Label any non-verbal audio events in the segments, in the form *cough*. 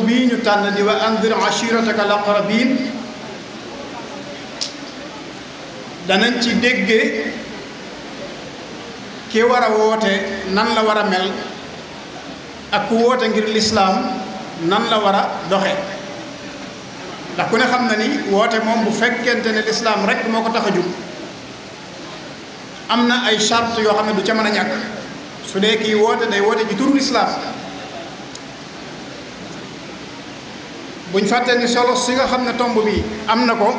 tomb bii ñu tànn di wa andir ashirataka al aqrabin danañ ci dégge ki war a woote nan la war a mel ak ku woote ngir lislaam nan la war a doxe ndax ku ne xam na ni woote moom bu fekkente ne lislaam rek moo ko tax a jug am na ay charte yoo xam ne du ca mën a ñàkk su dee kii woote day woote ci turu lislaam buñ fàtte ni solo si nga xam ne tomb bi am na ko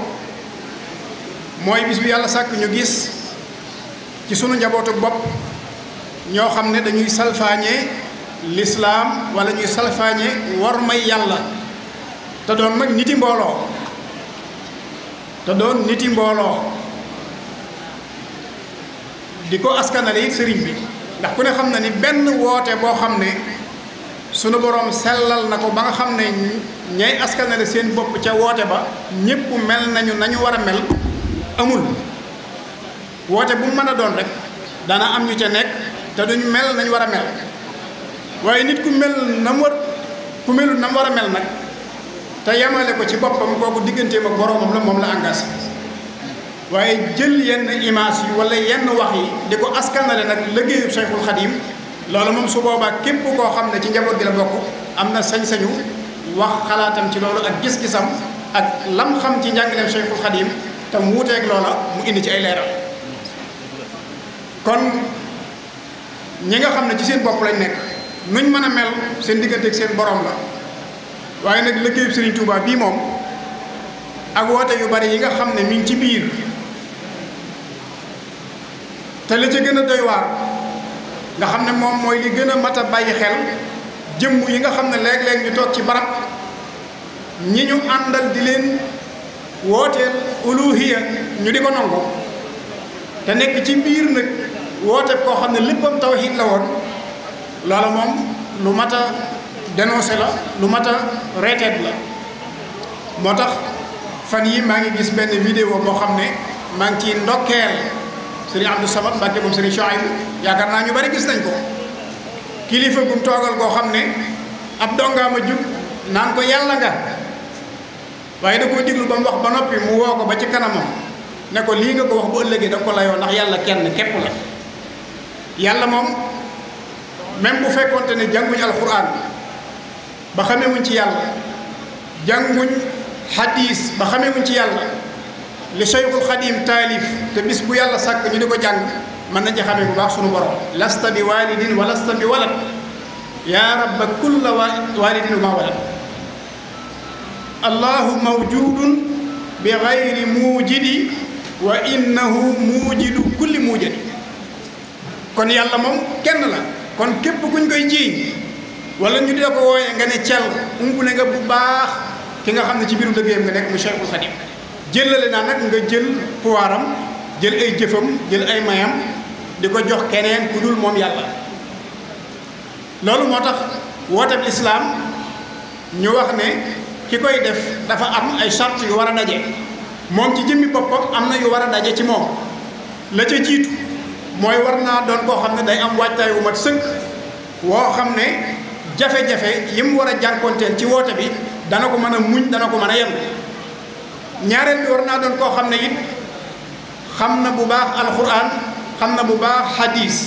mooy bis bi yàlla sàkk ñu gis ci sunu njabootu bopp ñoo xam ne dañuy salfaañee lislaam wala ñuy salfaañee war may yàlla te doon mag niti mbooloo te doon niti mbooloo di ko askanale it sëriñ bi ndax ku ne xam na ni benn woote boo xam ne sunu boroom sellal na ko ba nga xam ne ñay askanale seen bopp ca woote ba ñëpp mel nañu nañu war a mel amul woote bu mën a doon rek dana am ñu ca nekk te duñ mel nañu war mel waaye nit ku mel na mu war ku melul na mu war a mel nag te yamale ko ci boppam kooku digganteem ak boroomam la moom la engagé waaye jël yenn image yi walla yenn wax yi di ko askanale nag liggéeyu Cheikhul Khadim loolu moom su boobaa képp koo xam ne ci njaboot gi la bokk am na sañ-sañu wax xalaatam ci loolu ak gis-gisam ak lam xam ci njàngaleem Cheikhul Khadim te mu wuuteeg loola mu indi ci ay leeral kon ñi nga xam ne ci seen bopp lañ nekk nuñ mën a mel seen digganteeg seen boroom la waaye nag liggéeyub Serigne Touba bii moom ak woote yu bari yi nga xam ne mi ngi ci biir te li ci gën a doy waar nga xam ne moom mooy li gën a mat a bàyyi xel jëmm yi nga xam ne léeg-léeg ñu toog ci barab ñi ñu àndal di leen wooteel uluhiya ñu di ko nangu te nekk ci biir nag woote koo xam ne léppam tawhid la woon loola moom lu mat a dénoncé la lu mat a reeteet la moo tax fan yi maa ngi gis benn vidéo moo xam ne maa ngi ciy ndokkeel sëriñ Abdou Samad Mbàkke moom sëriñ Chouaïb yaakaar naa ñu bari gis nañ ko kilifa gum toogal koo xam ne ab a jub naan ko yàlla nga waaye da koo diglu ba mu wax ba noppi mu woo ko ba ci kanamam ne ko lii nga ko wax bu ëllëgee da ko layoo ndax yàlla kenn képp la yàlla moom même bu fekkonte ne jànguñ alquran ba xamewuñ ci yàlla jànguñ hadis ba xamewuñ ci yàlla li Cheikhul Xadim taalif te bis bu yàlla sàkk ñu di ko jàng mën nañ ci xamee bu baax sunu borom lasta bi walidin wa lasta bi walad yaa rabba kulla walidin wa ma walad allahu mawjudun bi gayri muujidi wa innahu muujidu kulli muujadi kon yàlla moom kenn la kon képp kuñ koy jiiñ wala ñu dee ko wooyee nga ne cel umpule nga bu baax ki nga xam ne ci biiru liggéeyam nga nekk mu Cheikhul Khadim jëlale naa nag nga jël pouvoiram jël ay jëfam jël ay mayam di ko jox keneen ku dul moom yàlla loolu moo tax wooteeb lislaam ñu wax ne ki koy def dafa am ay charte yu war a daje moom ci jëmmi boppam am na yu war a daje ci moom la ca jiitu mooy war naa doon koo xam ne day am waajtaay wu mat sënk woo xam ne jafe-jafe yi mu war a jànkonteel ci woote bi dana ko mën a muñ dana ko mën a yem ñaareel bi war naa doon koo xam ne it xam na bu baax alxuraan xam na bu baax xadiis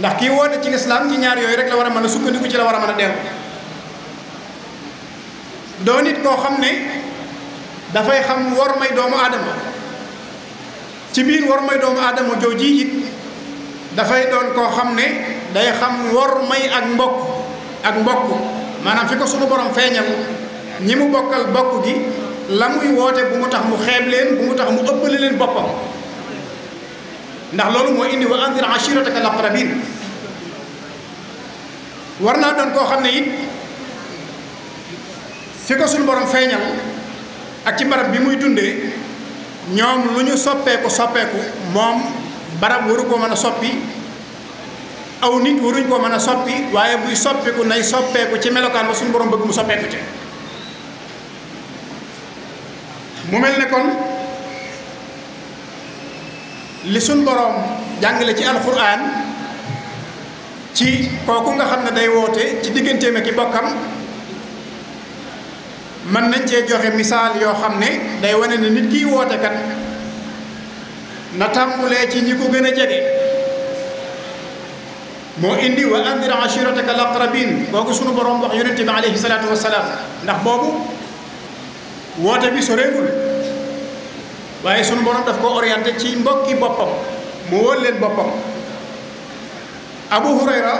ndax kii woote ci lislaam ci ñaar yooyu rek la war a mën a sukkandiku ci la war a mën a dellu doo nit koo xam ne dafay xam war may doomu aadama ci biir war may doomu aadama jooji it dafay doon koo xam ne day xam war may ak mbokk ak mbokk maanaam fi ko sunu borom feeñal ñi mu bokkal bokk gi la muy woote bu mu tax mu xeeb leen bu mu tax mu ëppale leen boppam ndax loolu moo indi wa anzir ashirataka al aqrabin war naa doon koo xam ne it fi ko suñu borom feeñal ak ci barab bi muy dundee ñoom lu ñu soppeeku soppeeku moom barab waru ko mën a soppi aw nit waruñ ko mën a soppi waaye buy soppeeku nay soppeeku ci melokaan ba suñu borom bëgg mu soppeeku mu mel ne kon li suñ borom jàngale ci alxuraan ci kooku nga xam ne day woote ci digganteem ak i bokkam mën nañ cee joxe misaal yoo xam ne day wane ne nit kiy woote kat na tàmbulee ci ñi ko gën a jege moo indi wa andir ashirataka laqrabin kooku sunu borom wax yonente bi alayhi salaatu wasalaam ndax boobu woote bi soreegul waaye sunu borom daf ko orienté ci mbokki boppam mu wóor leen boppam abu hurayra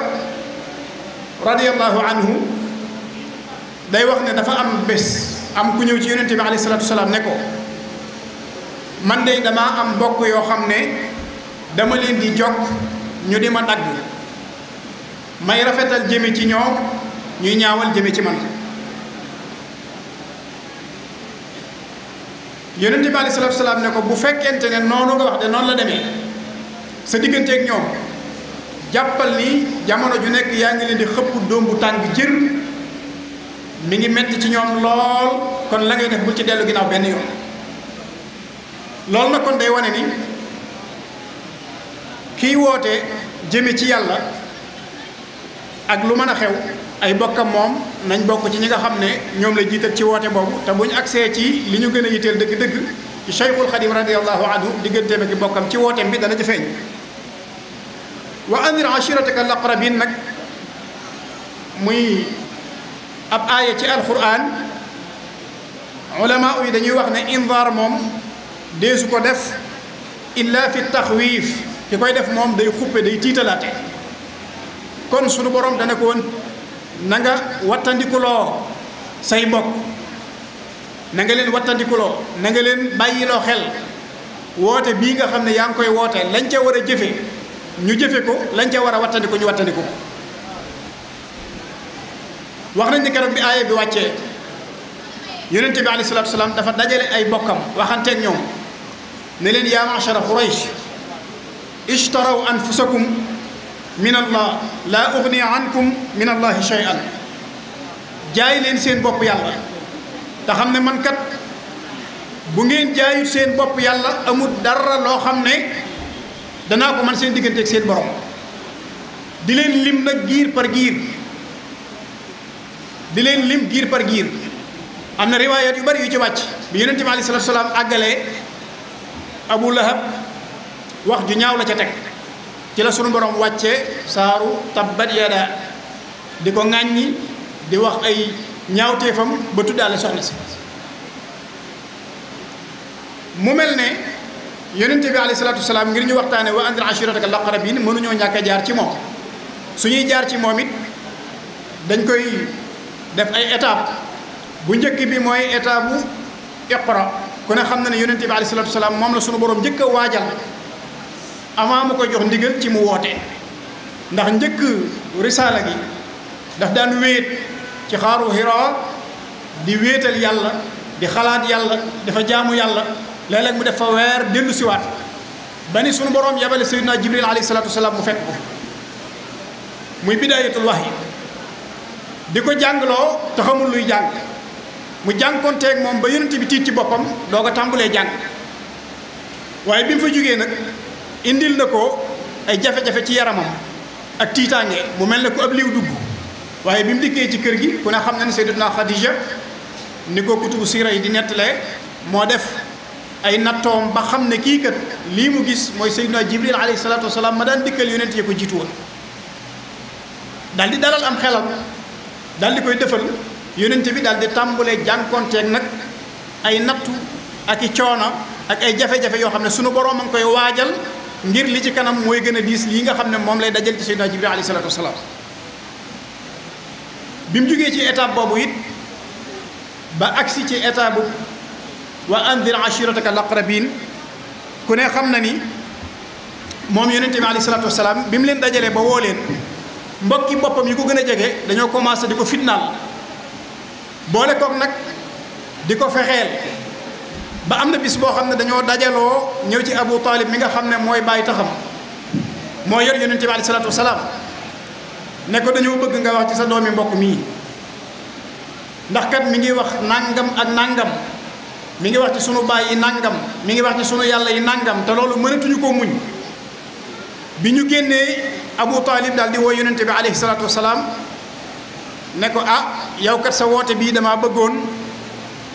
radiallahu anhu day wax ne dafa am bés am ku ñëw ci yonente bi alayhi salaatu salaam ne ko man de damaa am mbokk yoo xam ne dama leen di jog ñu di ma dagg may rafetal jëme ci ñoom ñuy ñaawal jëme ci man yonente bi alayhi salaatu salaam ne ko bu fekkente ne noonu nga wax de noonu la demee sa digganteeg ñoom jàppal ni jamono ju nekk yaa ngi leen di xëppu doom bu tàng jër mi ngi metti ci ñoom lool kon la ngay def bul ci dellu ginnaaw benn yoon loolu nag kon day wone ni kiy woote jëme ci yàlla ak lu mën a xew ay bokkam moom nañ bokk ci ñi nga xam ne ñoom la jiital ci woote boobu te buñ agsee ci li ñu gën a yitteel dëgg-dëgg ci Cheikhul Xadim radiallahu anhu digganteem ak bokkam ci wooteem bi dana ci feeñ wa andir ashirataka al aqrabin nag muy ab aaya ci alquran ulama yi dañuy wax ne invar moom deesu ko def illa fi taxwiif ki koy def moom day xuppe day tiitalaate kon sunu borom dana ko woon na nga wattandikuloo say mbokk na nga leen wattandikuloo na nga leen bàyyiloo xel woote bii nga xam ne yaa ngi koy woote lañ ca war a jëfe ñu jëfe ko lañ ca war a wattandiku ñu wattandiku wax nañ ni keroog bi aaya bi wàccee yonente bi alayhi salaatu salaam dafa dajale ay bokkam waxanteeg ñoom ne leen yaa ma'shara Quraysh ishtaraw anfusakum min allah laa ugni ankum min allahi shay'an jaay leen seen bopp yàlla te ne man kat bu ngeen jaayut seen bopp yàlla amul dara loo xam ne danaa ko man seen digganteeg seen borom di leen lim nag giir par giir di leen lim giir par giir am na riwaayaat yu bari yu ci wàcc bi yonent bi aleyhi salaatu salaam àggalee abu lahab wax ju ñaaw la ca teg ci la sunu borom wàcce saaru tabbat yada di ko ŋàññi di wax ay ñaawteefam ba tuddaale soxna si mu mel ne yonent bi aleyhi salaatu salaam ngir ñu waxtaane wa anzir ashiirataka al-aqrabiin mënuñoo ñàkk a jaar ci moom su ñuy jaar ci moom it dañ koy def ay étape bu njëkk bi mooy étape bu iqra ku ne xam na ne yonente bi alayhi salaatu wasalaam moom la sunu boroom njëkk a waajal avant mu ko jox ndigal ci mu woote ndax njëkk risaala gi daf daan wéet ci xaaru Hira di wéetal yàlla di xalaat yàlla dafa jaamu yàlla léeg-léeg mu def fa weer dellu siwaat ba ni sunu borom yabale sayyidina Jibril alayhi salaatu wasalaam mu fekk ko muy bidaayatul wahyi di ko jàngloo te xamul luy jàng mu jànkonteeg moom ba yonent bi tiit ci boppam doo ko tàmbalee jàng waaye bi mu fa jógee nag indil na ko ay jafe-jafe ci yaramam ak tiitaange mu mel ne ku ab liw dugg waaye bi mu dikkee ci kër gi ku ne xam na ne Sayyidatuna Khadija ni ko kutubu siira yi di nettalee moo def ay nattoom ba xam ne kii kat lii mu gis mooy Seydina Jibril alayhi salaatu wasalaam ma daan dikkal yonent yi ko jiitu woon dal di dalal am xelam daal di koy defal yonent bi daal di tàmbalee nag ay nattu aki i coono ak ay jafe-jafe yoo xam ne sunu borom a ngi koy waajal ngir li ci kanam mooy gën a diis lii nga xam ne moom lay dajal ci Seydina Jibril alayhi salaatu wasalaam bi mu jógee ci étape boobu it ba agsi ci étape bu wa andir ashirataka laqrabin ku ne xam na ni moom yonent bi alayhi salaatu wasalaam bi mu leen dajalee ba woo leen. mbokki boppam yi ko gën a jege dañoo commencé di ko fitnaal boole kook nag di ko fexeel ba am na bis boo xam ne dañoo dajaloo ñëw ci Abu Talib mi nga xam ne mooy bàyyi taxam mooy yor yonent bi aleyhi salaatu wasalaam ne ko dañoo bëgg nga wax ci sa doomi mbokk mii ndax mi ngi wax nangam ak nangam mi ngi wax ci sunu baay yi nangam mi ngi wax ci sunu yàlla yi nangam te loolu mënatuñu ko muñ bi ñu génnee Abu Talib daal di woo yonante bi alayhi salaatu salaam ne ko ah yow kat sa woote bii damaa bëggoon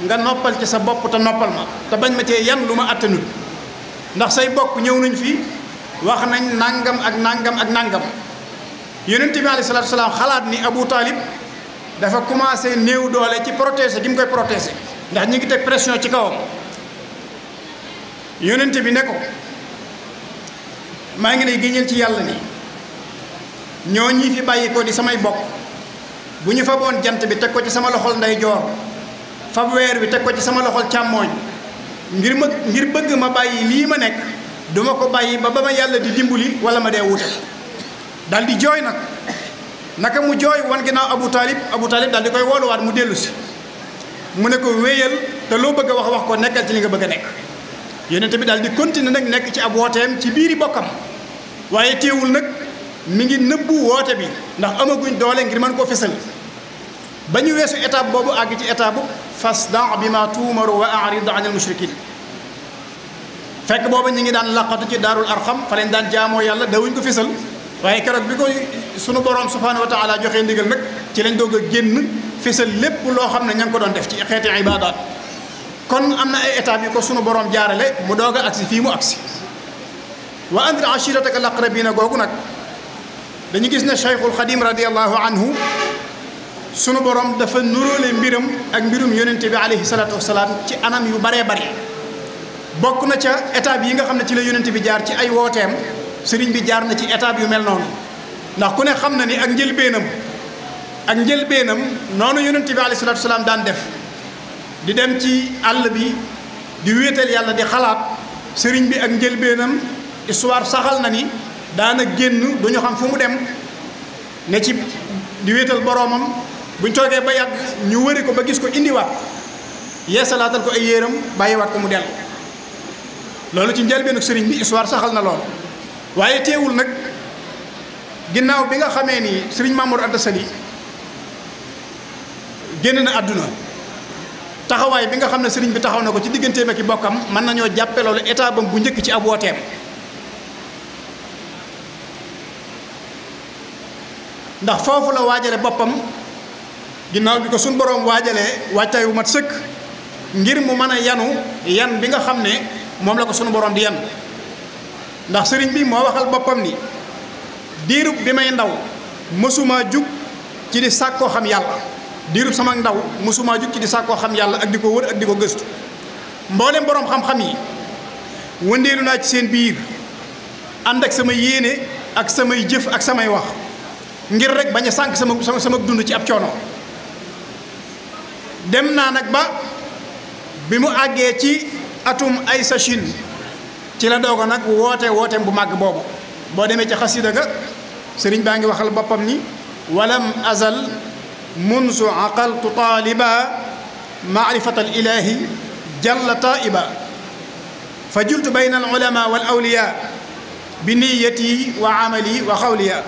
nga noppal ci sa bopp te noppal ma te bañ ma cee yan lu ma attanut ndax say bokk ñëw nañ fi wax nañ nangam ak nangam ak nangam yonente bi alayhi salaatu salaam xalaat ni Abu Talib dafa commencé néew doole ci protéger gi mu koy protéger ndax ñu ngi teg pression ci kawam yonente bi ne ko maa ngi lay génneel ci yàlla ni ñoo ñii fi bàyyi ko di samay bokk bu ñu faboon jant bi teg ko ci sama loxol ndeyjoor fab weer bi teg ko ci sama loxol càmmooñ ngir ma ngir bëgg ma bàyyi lii ma nekk duma ko bàyyi ba ba ma yàlla di dimbali wala ma dee wutal dal di jooy nag naka mu jooy wan ginnaaw abu taalib abu taalib dal di koy wooluwaat mu dellu si mu ne ko wéyal te loo bëgg a wax wax ko nekkal ci li nga bëgg a nekk yonent bi daal di continuer nag nekk ci ab wooteem ci biiri bokkam waaye téewul nag mi ngi nëbbu woote bi ndax amaguñ doole ngir mën koo fesal ba ñu weesu étape boobu àgg ci étape fas fasda bi ma tuumaru wa arid anil mushrikin fekk boobu ñu ngi daan laqatu ci daarul arxam fa leen daan jaamoo yàlla dawuñ ko fesal waaye keroog bi ko sunu borom subhanahu wa taala joxee ndigal nag ci lañ doog a génn fesal lépp loo xam ne ña ngi ko doon def ci xeeti ibaadaat kon am na ay étapes yu ko sunu borom jaarale mu doog a agsi fii mu agsi wa andir ashirataka laqrabina googu nag dañu gis ne Cheikhul Xadim radiyallahu anhu sunu borom dafa nuróole mbiram ak mbirum yonente bi alayhi salaatu wasalaam ci anam yu baree bari bokk na ca étape yi nga xam ne ci la yonente bi jaar ci ay wooteem sëriñ bi jaar na ci étape yu mel noonu ndax ku ne xam na ni ak njëlbeenam ak njëlbeenam noonu yonente bi alayhi salaatu wasalaam daan def di dem ci àll bi di wéetal yàlla di xalaat sëriñ bi ak njëlbeenam histoire saxal na ni daana génn du ñu xam fu mu dem ne ci di wéetal boroomam buñ toogee ba yàgg ñu wëri ko ba gis ko indiwaat yeesalaatal ko ay yéeram bàyyiwaat ko mu dellu loolu ci njëlbeenu sëriñ bi histoire saxal na lool waaye teewul nag ginnaaw bi nga xamee ni sëriñ Mamour Anta Sali génn na àdduna taxawaay bi nga xam ne sëriñ bi taxaw na ko ci digganteem ak i bokkam mën nañoo jàppe loolu état bam bu njëkk ci ab wooteem ndax foofu la waajale boppam ginnaaw bi ko suñ boroom waajalee waajtaay wu mat sëkk ngir mu mën a yanu yan bi nga xam ne moom la ko sunu boroom di yan ndax sëriñ bi moo waxal boppam ni diiru bi may ndaw mësuma jug ci di sàkkoo xam yàlla diirub sama ndaw mosumaa jug ci di sàkkoo xam yàlla ak di ko wër ak di ko gëstu mboolem boroom xam-xam yi wëndeelu naa ci seen biir ànd ak sama yéene ak samay jëf ak samay wax ngir rek bañ a sànk sama sama sama dund ci ab coono dem naa nag ba bi mu àggee ci atum ay sachin ci la doogo nag woote wooteem bu màgg boobu boo demee ci xasida ga sëriñ baa ngi waxal boppam ni walam azal منذ عقلت طالبا معرفة الإله جل طائبا فجلت بين العلماء والأولياء بنيتي وعملي وقولي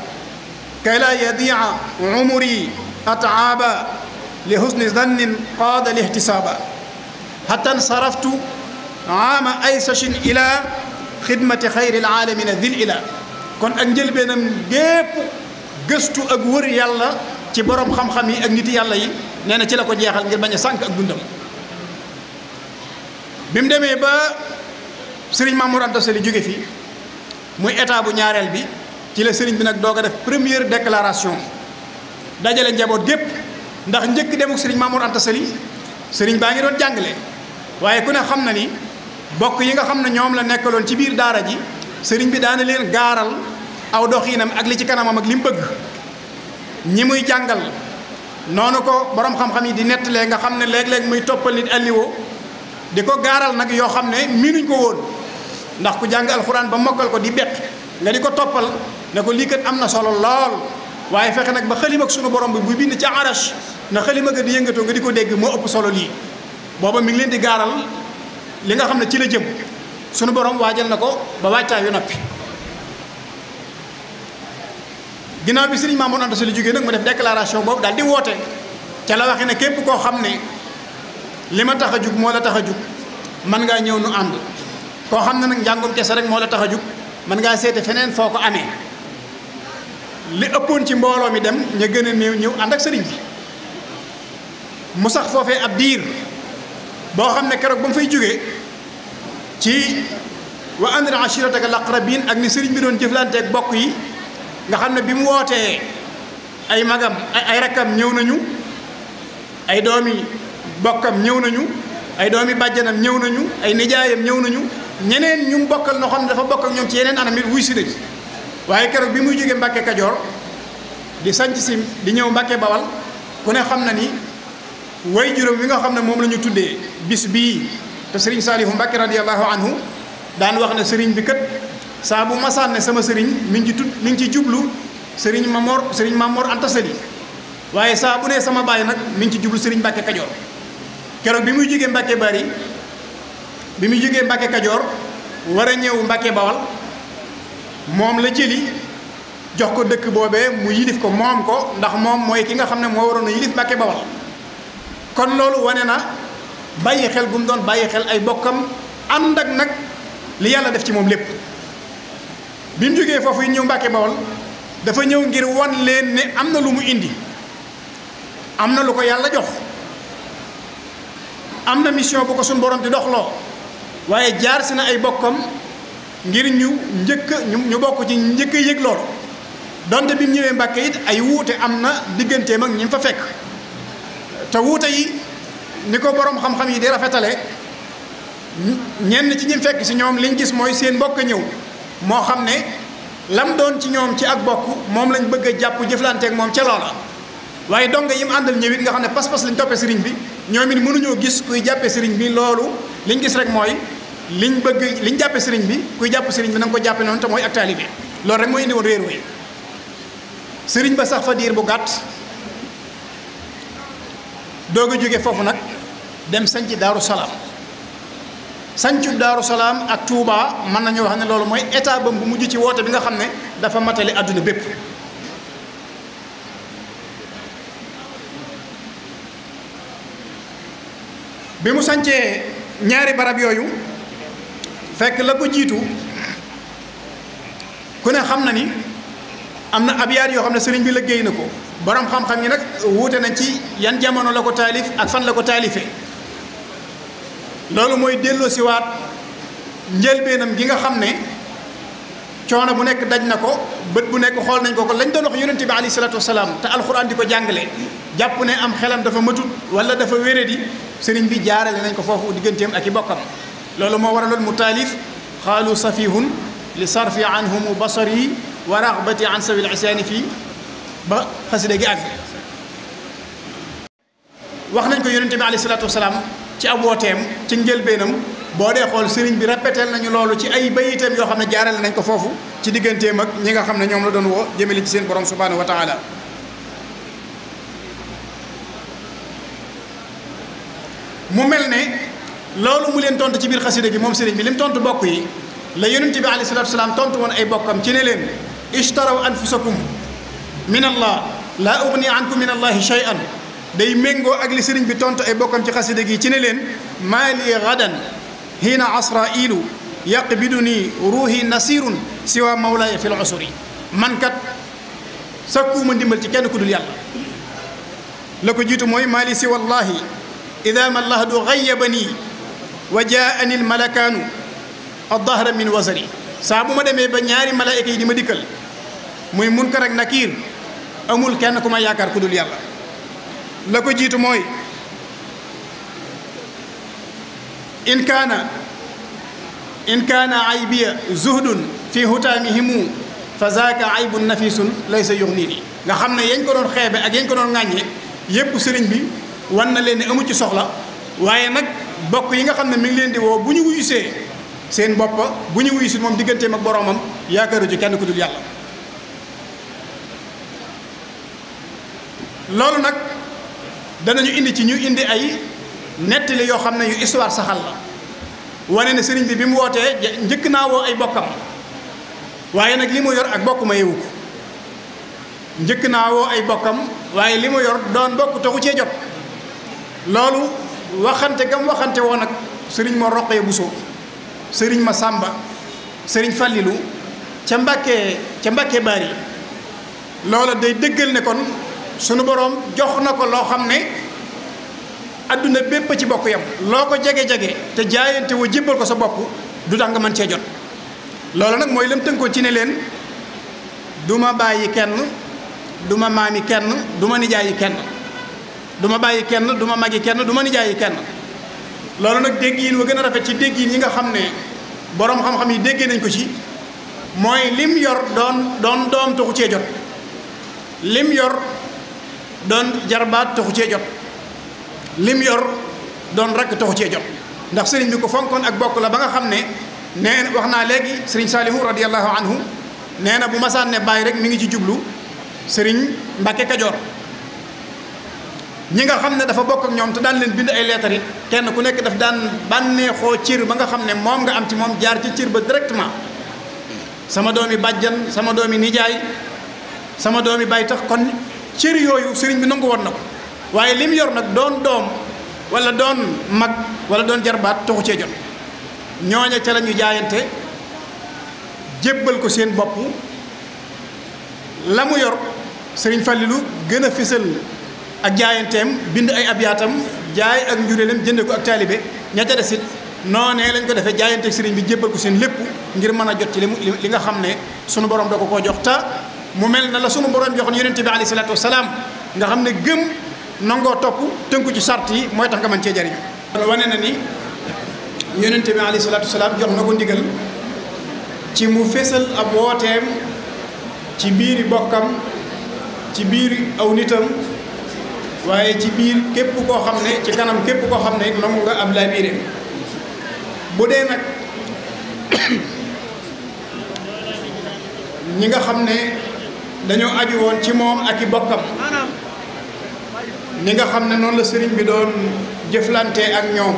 كي لا يضيع عمري أتعابا لحسن ظن قاد الاحتسابا حتى انصرفت عام أيسش إلى خدمة خير العالمين ذي الإله kon ak njëlbeenam gépp gëstu ak wër yàlla ci borom xam-xam yi ak nit yàlla yi nee na ci la ko jeexal ngir bañ a sànq ak dundam bi mu demee ba sëriñ Mamour Anta Sali jóge fi muy état bu ñaareel bi ci la sëriñ bi nag doog a def première déclaration dajale njaboot gépp ndax njëkk demuk sëriñ Mamour Anta Sali sëriñ baa ngi doon jàngale waaye ku ne xam na ni bokk yi nga xam ne ñoom la nekkaloon ci biir daara ji sëriñ bi daana leen gaaral aw doxiinam ak li ci kanamam ak li mu bëgg ñi muy jàngal noonu ko boroom xam-xam yi di nettalee nga xam ne léeg-léeg muy toppal nit alliwo di ko gaaral nag yoo xam ne miinuñ ko woon ndax ku jàng alxuraan ba mokkal ko di bett nga di ko toppal ne ko lii kat am na solo lool waaye fexe nag ba xalima ak sunu borom bi bu bind ci arash na xalima nga di yëngatoo nga di ko dégg moo ëpp solo lii booba mi ngi leen di gaaral li nga xam ne ci la jëm sunu borom waajal na ko ba waajtaay yu noppi ginnaaw bi sëriñ Mamour Anta Sali jógee nag mu def déclaration boobu daal di woote ca la waxee ne képp koo xam ne li ma tax a jug moo la tax a jug mën ngaa ñëw nu ànd koo xam ne nag njàngum kese rek moo la tax a jug mën ngaa seete feneen foo ko amee li ëppoon ci mbooloo mi dem ña gën a néew ñëw ànd ak sëriñ bi mu sax foofee ab diir boo xam ne keroog ba mu fay jóge ci wa andir ashirataka biin ak ni sëriñ bi doon jëflanteeg bokk yi nga xam ne bi mu wootee ay magam ay rakkam ñëw nañu ay doomi bokkam ñëw nañu ay doomi bàjjanam ñëw nañu ay nijaayam ñëw nañu ñeneen ñu bokkal noo xam ne dafa bokk ak ñoom ci yeneen anam wuy si nañu waaye keroog bi muy jógee Mbàkke Kajoor di sanc si di ñëw Mbàkke Bawal ku ne xam na ni way juróom wi nga xam ne moom lañu tuddee bis bii te sëriñ Saalihu Mbàkke radiyallahu anhu daan wax ne sëriñ bi kët saa bu masaan ne sama sëriñ mi ngi ci tudd mi ngi ci jublu sëriñ Mamor sëriñ mamoor Anta Sali waaye saa bu nee sama baay nag mi ngi ci jublu sëriñ Mbàkke Kajoor keroog bi muy jógee Mbàkke Bari bi muy jógee Mbàkke Kajoor war a ñëw Mbàkke Bawal moom la jëli jox ko dëkk boobee mu yilif ko moom ko ndax moom mooy ki nga xam ne moo waroon a yilif Mbàkke Bawal kon loolu wane na bàyyi xel gu mu doon bàyyi xel ay bokkam ànd ak nag li yàlla def ci moom lépp bi mu jógee foofu ñëw Mbàkke Bawol dafa ñëw ngir wan leen ne am na lu mu indi am na lu ko yàlla jox am na mission bu ko suñu borom di doxloo waaye jaar si na ay bokkam ngir ñu njëkk ñu bokk ci njëkk a yëg loolu donte bi mu ñëwee Mbàkke it ay wuute am na digganteem ak ñi mu fa fekk te wuute yi ni ko boroom xam-xam yi di rafetale ñenn ci ñi fekk si ñoom liñ gis mooy seen mbokk ñëw moo xam ne lam doon ci ñoom ci ak bokk moom lañ bëgg a jàpp jëflanteeg moom ca la waaye donga yi mu àndal ñëwit nga xam ne pas-pas lañ toppee sëriñ bi ñoom it mënuñoo gis kuy jàppee sëriñ bi loolu liñ gis rek mooy liñ bëgg liñ jàppee sëriñ bi kuy jàpp sëriñ bi na ko jàppe noonu te mooy ak taalibe loolu rek moo indi woon réeroo yi sëriñ ba sax fa diir bu gàtt doog a jóge foofu nag dem sañc daaru salaam sancu daaru salaam ak Touba mën nañu wax ne loolu mooy état bam bu mujj ci woote bi nga xam ne dafa matali àdduna bépp bi mu sañcee ñaari barab yooyu fekk la ko jiitu ku ne xam na ni am na abyaat yoo xam ne sëriñ bi liggéey na ko borom xam-xam yi nag wuute nañ ci yan jamono la ko taalif ak fan la ko taalifee loolu mooy delloosiwaat njëlbeenam gi nga xam ne coono bu nekk daj na ko bët bu nekk xool nañ ko ko lañ doon wax yonente bi alayhi salaatu wasalaam te alxuraan di ko jàngale jàpp ne am xelam dafa matut wala dafa wéradi sëriñ bi jaarale nañ ko foofu digganteem ak i bokkam loolu moo waraloon mu taalif xaalu safihun li sarfi anhumu basari wa raxbati an sawil isaani fii ba xasida gi àgg wax nañ ko yonente bi alayhi salaatu wasalaam ci ab wooteem ci njëlbeenam boo dee xool sëriñ bi répété nañu loolu ci ay bayitam yoo xam ne jaarale nañ ko foofu ci digganteem ak ñi nga xam ne ñoom la doon woo jëmale ci seen borom subhanahu wa taala mu mel ne loolu mu leen tontu ci biir xasida bi moom sëriñ bi lim tontu bokk yi la yonent bi alayhi salaatu salaam tontu woon ay bokkam ci ne leen ishtaraw anfusakum min allah laa ugni ankum min allahi shay'an day méngoo ak li sëriñ bi tontu ay bokkam ci xasida gi ci ne leen maali gadan hiina asrailu yaqbidu nii ruuhi nasirun siwa mawlaaya fil usri man kat sakkuuma ndimbal ci kenn ku dul yàlla la ko jiitu mooy maali siwa llaahi ida ma lahdu gayaba wa jaani lmalakaanu addahra min wasari saa ma demee ba ñaari malaayka yi di ma dikkal muy munkar ak nakiir amul kenn ku ma yaakaar ku yàlla la ko jiitu mooy in kaana in kaana aybiya zuhdun fi hutaamihimu fa zaaka aybun nafisun laysa yuxnii nii nga xam ne yañ ko doon xeebe ak yañ ko doon ŋàññee yépp sëriñ bi wan na leen ne amu ci soxla waaye nag bokk yi nga xam ne mi ngi leen di woo bu ñu wuyusee seen bopp bu ñu wuyusi moom digganteem ak boroomam yaakaaru ci kenn ku dul yàlla loolu nag danañu indi ci ñu indi ay nettali yoo xam ne yu histoire saxal la wane na sëriñ bi bi mu wootee njëkk naa woo ay bokkam waaye nag li mu yor ak bokk ma yewu ko njëkk naa woo ay bokkam waaye li mu yor doon bokk taxu cee jot loolu waxante gam waxante woon nag sëriñ ma roqee Buso sëriñ ma Sàmba sëriñ falilu ca Mbàkke ca Mbàkke Baari loola day dëggal ne kon sunu boroom jox na ko loo xam ne adduna bépp ci bokk yam loo ko jege-jege te jaayante woo jébbal ko sa bopp du tax nga mën cee jot loolu nag mooy lam tënkoo ci ne leen du ma bàyyi kenn duma ma maami kenn du ma nijaayi kenn du ma kenn du ma magi kenn du ma nijaayi kenn loolu nag dégg yi wa gën a rafet ci dégg yi nga xam ne boroom xam-xam yi déggee nañ ko ci mooy lim yor doon doon doom taxu cee jot lim yor doon jarbaat taxu cee jot lim yor doon rakk taxu cee jot ndax sëriñ bi ko fonkoon ak bokk la ba nga xam ne ne wax naa léegi sëriñ Saalihu radiyallahu anhu nee na bu masaan ne bàyyi rek mu ngi ci jublu sëriñ Mbàkke Kajoor ñi nga xam ne dafa bokk ñoom te daan leen bind ay leetar it kenn ku nekk daf daan bànneexoo cër ba nga xam ne moom nga am ci moom jaar ci cër ba directement sama doomi bàjjan sama doomi nijaay sama doomi bay tax kon cër yooyu sëriñ bi nangu woon na ko waaye li yor nag doon doom wala doon mag wala doon jarbaat taxu cee jot ñooña ca lañuy jaayante jébbal ko seen bopp la mu yor sëriñ Fàllilu gën a fisal ak jaayanteem bind ay abyaatam jaay ak njureelem jënde ko ak taalibe ña ca des it noonee lañ ko defee jaayante sëriñ bi jébbal ko seen lépp ngir mën a jot ci li li nga xam ne sunu borom da ko koo jox ta mu mel na la sunu borom joxoon yonente bi alayhi salaatu salaam nga xam ne gëm nangoo topp tënku ci sart yi mooy tax nga mën cee jariñu loolu wane na ni yonente bi alayhi salaatu jox na ko ndigal ci mu fésal ab wooteem ci biiri bokkam ci biir aw nitam waaye ci biir képp koo xam ne ci kanam képp koo xam ne nangu nga ab laa bu dee nag *coughs* ñi nga xam ne dañu aju woon ci moom ak i bokkam ni nga xam ne noonu la sëriñ bi doon jëflante ak ñoom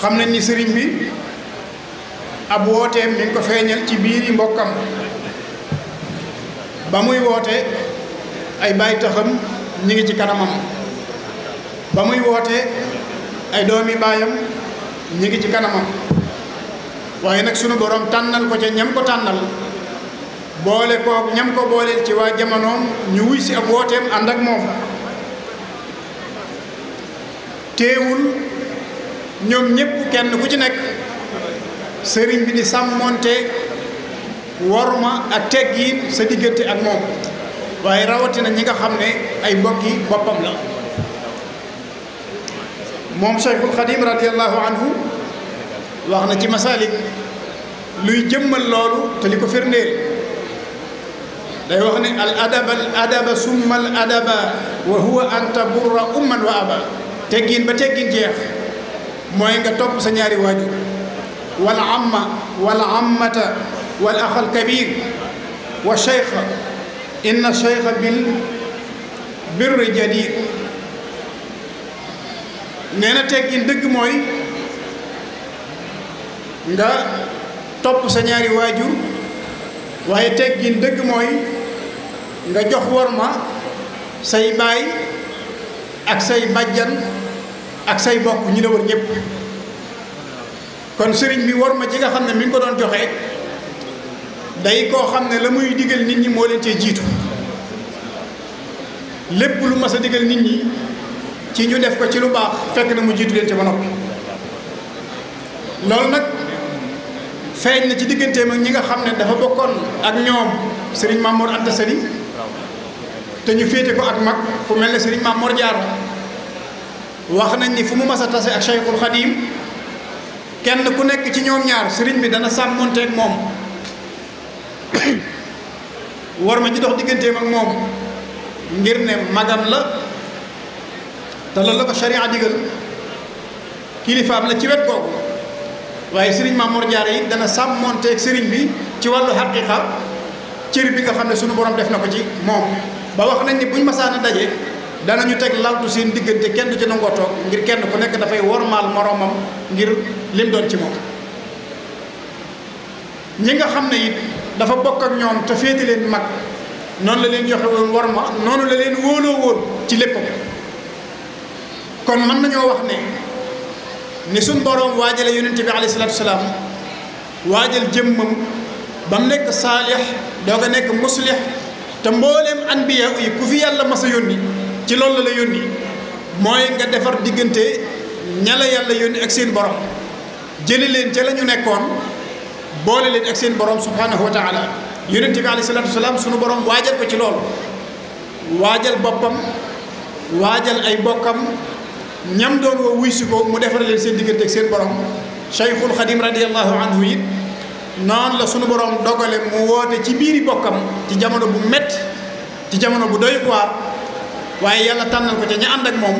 xam nañ ni sëriñ bi ab wooteem mi ko feeñal ci biir yi mbokkam ba muy woote ay bàyyi taxam ñi ngi ci kanamam ba muy woote ay doomi baayam ñi ngi ci kanamam waaye nag sunu borom tànnal ko ca ñam ko tànnal boole koo ñam ko booleel ci waa jamonoom ñu wuy si ab wooteem ànd ak moom teewul ñoom ñépp kenn ku ci nekk sëriñ bi di sàmmonte waruma ak teggiin sa diggante ak moom waaye rawatina ñi nga xam ne ay mbokki boppam la moom Cheikhul Khadim radiallahu anhu wax na ci masalik luy jëmmal loolu te li ko firndeel day wax ne al adaba al adaba summa al wa huwa an taburra umman wa aba teggin ba teggin jeex mooy nga topp sa ñaari waajur wal amma wal ammata wal axal kabir wa cheikha inna sa ñaari waajur waaye teggin dëgg mooy nga jox worma say baay ak say bàjjan ak say bokk ñi la wër ñëpp kon sëriñ bi ma ci nga xam ne mi ko doon joxe day koo xam ne la muy digal nit ñi moo leen cee jiitu lépp lu mas a digal nit ñi ci ñu def ko ci lu baax fekk na mu jiitu leen ci ba noppi loolu nag feeñ na ci digganteem ak ñi nga xam ne dafa bokkoon ak ñoom sëriñ Mamour Anta te ñu féete ko ak mag ku mel ne Serigne Mame Mor Diarra wax nañ ni fu mu mas a tase ak Cheikhul Khadim kenn ku nekk ci ñoom ñaar sëriñ bi dana sàmmonteeg moom *coughs* war ma ci dox digganteem ak moom ngir ne magam la te loolu la ko sharia digal kilifaam la ci wet kooku waaye Serigne Mame Mor Diarra yi dana sàmmonteeg sëriñ bi ci wàllu xaqiqa cër bi nga xam ne sunu borom def na ko ci moom. ba wax nañ ni buñ masaana dana ñu teg laltu seen diggante kenn du ci nangoo ngir kenn ku nekk dafay wormaal moroomam ngir lim doon ci moom ñi nga xam ne it dafa bokk ñoom te féete leen mag noonu la leen joxe woon war ma la leen wóoloo woon ci lépp kon man nañoo wax ne ni suñ boroom waajale yonente bi alayhi salaatu salaam waajal jëmmam ba mu nekk saalix doo ko nekk muslix te mbooleem anbiya yi ku fi yàlla mas a yónni ci loolu la la yónni mooy nga defar diggante ña la yàlla yónni ak seen borom jëli leen ca la ñu nekkoon boole leen ak seen borom subhanahu wa taala yonente bi alayhi salaatu wasalaam sunu borom waajal ko ci loolu waajal boppam waajal ay bokkam ñam doon woo wuy si ko mu defar leen seen diggante ak seen borom cheikhul xadim radiallahu anhu it noonu la sunu borom dogale mu woote ci biiri bokkam ci jamono bu mett ci jamono bu doy waar waaye yàlla tànnal ko ca ña ànd ak moom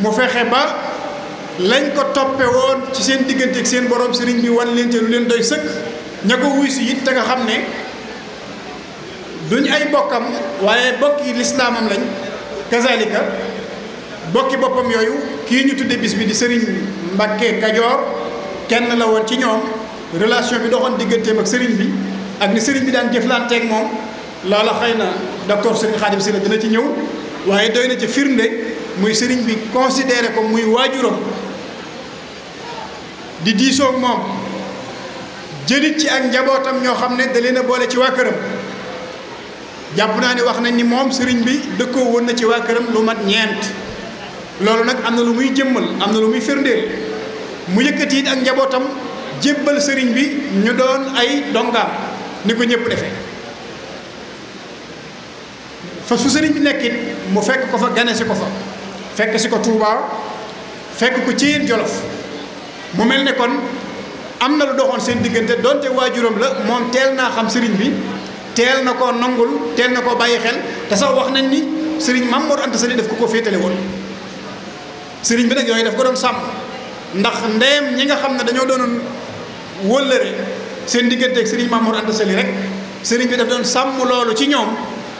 mu fexe ba lañ ko toppe woon ci seen diggante ak seen borom sëriñ bi wan leen te lu leen doy sëkk ña ko wuy si te nga xam ne duñ ay bokkam waaye bokki lislaamam lañ kazalika bokki boppam yooyu kii ñu tudde bis bi di sëriñ Mbakke Kajoor kenn la woon ci ñoom relation bi doxoon digganteem ak sëriñ bi ak ni sëriñ bi daan teeg moom loola xëy na docteur Serigne Khadim Sylla dina ci ñëw waaye doy na ci firnde muy sëriñ bi considéré ko muy waajuram di diisoog moom jëlit ci ak njabootam ñoo xam ne da leen a boole ci waa këram jàpp naa ne wax nañ ni moom sëriñ bi dëkkoo woon na ci waa këram lu mat ñeent loolu nag am na lu muy jëmmal am na lu muy firndeel mu yëkkati it ak njabootam jébbal sëriñ bi ñu doon ay dongaam ni ko ñëpp defe fa su sëriñ bi nekkit mu fekk ko fa gane si ko fa fekk si ko Tuubaa fekk ko Ceyeen Jolof mu mel ne kon am na lu doxoon seen diggante donte waajuram la moom teel naa xam sëriñ bi teel na koo nangul teel na koo bàyyi xel te sax wax nañ ni sëriñ Maam Mor Anta Sali daf ko ko féetale woon sëriñ bi nag yooyu daf ko doon sàmp ndax ndeyam ñi nga xam ne dañoo doonoon wóllëre seen diggante ak sëriñ Mamour Anta Sali rek sëriñ bi daf doon sàmm loolu ci ñoom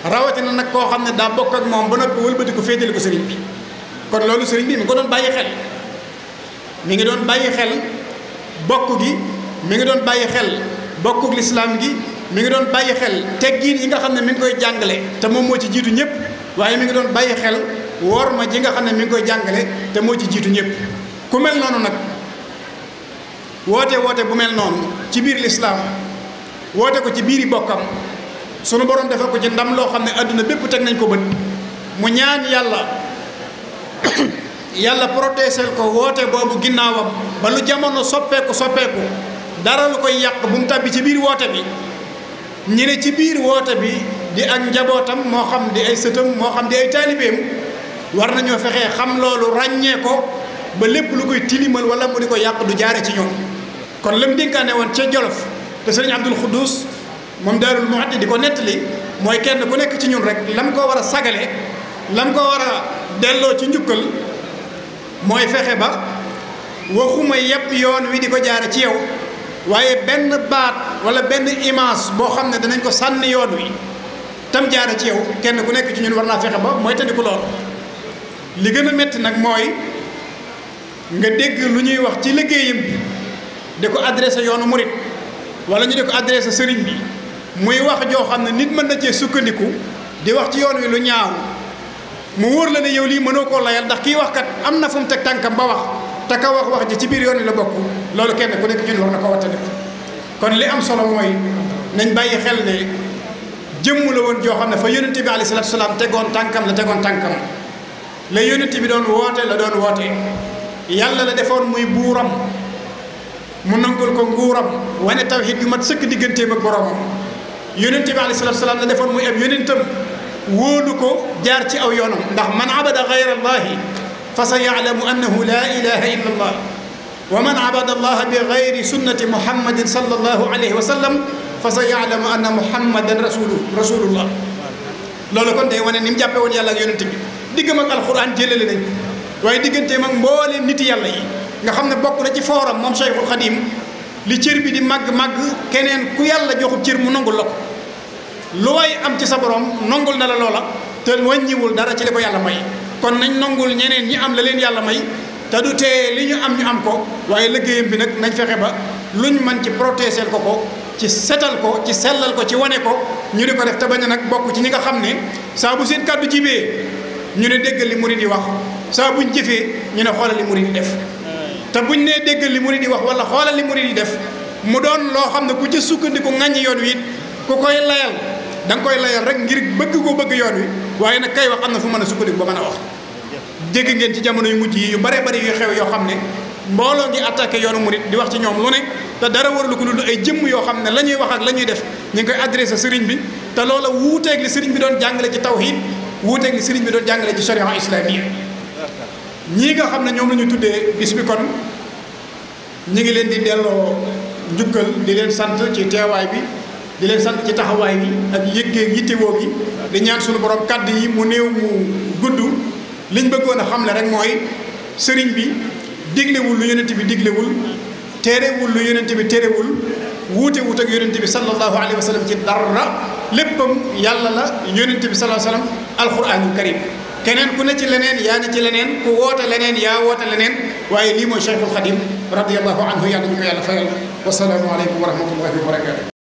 rawatina nag koo xam ne daa bokk ak moom ba noppi wëlbati ko féetale ko sëriñ bi kon loolu sëriñ bi mi ngi ko doon bàyyi xel mi ngi doon bàyyi xel bokk gi mi ngi doon bàyyi xel bokkuk lislaam gi mi ngi doon bàyyi xel teggiin yi nga xam ne mi ngi koy jàngale te moom moo ci jiitu ñëpp waaye mi ngi doon bàyyi xel woor ma ji nga xam ne mi ngi koy jàngale te moo ci jiitu ñëpp ku mel noonu nag woote woote bu mel noonu ci biir lislaam woote ko ci biiri bokkam sunu borom defal ko ci ndam loo xam ne àdduna bépp teg nañ ko bët mu ñaan yàlla *coughs* yàlla protégeel ko woote boobu ginnaawam ba lu jamono soppeeku soppeeku dara lu koy yàq bu mu tàbbi ci biir woote bi ñu ne ci biir woote bi di ak njabootam moo xam di ay sëtam moo xam di ay taalibeem war nañoo fexee xam loolu ràññee ko ba lépp lu koy tilimal wala mu di ko yàq du jaare ci ñoom kon lam dénkaane woon ca Jolof te sëriñ Abdul Xuddus moom Daarul Muhti di ko nettali mooy kenn ku nekk ci ñun rek lam ko war a sagale lam ko war a delloo ci njukkal mooy fexe ba waxuma yëpp yoon wi di ko jaare ci yow waaye benn baat wala benn image boo xam ne danañ ko sànn yoon wi tam jaare ci yow kenn ku nekk ci ñun war naa fexe ba mooy tandiku lool li gën a métti nag mooy nga dégg lu ñuy wax ci liggéeyam bi di ko adressé yoonu murit wala ñu di ko adressé sëriñ bi muy wax joo xam ne nit mën na cee sukkandiku di wax ci yoon wi lu ñaaw mu wóor la ne yow lii mënoo koo layal ndax kii wax kat am na fu mu teg tànkam ba wax te ka wax wax ji ci biir yoon wi la bokk loolu kenn ku nekk ñun war na ko wattandiku kon li am solo mooy nañ bàyyi xel ne jëmm la woon joo xam ne fa yonente bi alayhi salaatu salaam tegoon tànkam la tegoon tànkam la yonente bi doon woote la doon woote yàlla la defoon muy buuram. mu nangul ko nguuram wane tawxiid yu ma sëkk digganteem ak boroomam yonente bi alayhi salaatu salaam la defoon muy ab yonentam wóolu ko jaar ci aw yoonam ndax man abada gayra allahi fa sa yaalamu annahu laa ilaha illa allah wa man abada allah bi gayri sunnati muhammadin sallallahu alayhi wa sallam fa sa yaalamu anna muhammadan rasulu rasulullah loolu kon day wane ni mu jàppe woon yàlla ak yonente bi diggam ak alquran jëlale nañ waaye digganteem ak mbooleem niti yàlla nga xam ne bokk na ci fooram moom Cheikhul Khadim li cër bi di màgg-màgg keneen ku yàlla joxub cër mu nangul la ko lu way am ci sa borom nangul na la loola te wàññiwul dara ci li ko yàlla may kon nañ nangul ñeneen ñi am la leen yàlla may te du tee li ñu am ñu am ko waaye liggéeyam bi nag nañ fexe ba lu ñu mën ci protéger ko ko ci seetal ko ci sellal ko ci wane ko ñu di ko def te bañ a nag bokk ci ñi nga xam ne saa bu seen kàddu jibee ñu ne déggal li murid yi wax saa jëfee ñu ne xoolal li murid yi def te buñ nee dégg li murid yi wax wala xoolal li murid yi def mu doon loo xam ne ku ci sukkandiku ngañ yoon wi it ku koy layal da koy layal rek ngir bëgg koo bëgg yoon wi waaye nag kay wax am na fu mën a sukkandiku ba mën a wax dégg ngeen ci jamono yu mujj yi yu bare bari yu xew yoo xam ne mbooloo ngi attaqué yoonu murid di wax ci ñoom lu ne te dara warul ko lu ay jëmm yoo xam ne la ñuy wax ak la ñuy def ñu ngi koy adressé sëriñ bi te loola wuuteeg li sëriñ bi doon jàngale ci tawhid wuuteeg li sëriñ bi doon jàngale ci sharia islamiyya ñii nga xam ne ñoom la ñu tuddee bis bi kon ñu ngi leen di delloo njukkal di leen sant ci teewaay bi di leen sant ci taxawaay bi ak yëggee yittewoo gi di ñaan suñu borom kàddu yi mu néew mu gudd liñ bëggoon a xamle rek mooy sëriñ bi diglewul lu yonent bi diglewul téerewul lu yonent bi téerewul wuute wuute ak yonent bi sallallahu alayhi wa sallam ci dara léppam yàlla la yonent bi sallallahu alayhi wa sallam alquraanul karim keneen ku ne ci leneen yaa ni ci leneen ku woote leneen yaa woote leneen waaye lii mooy Cheikhul Khadim radiyallahu anhu yàlla ñu ko yàlla fayal wasalaamu aleykum wa rahmatullahi wa barakatu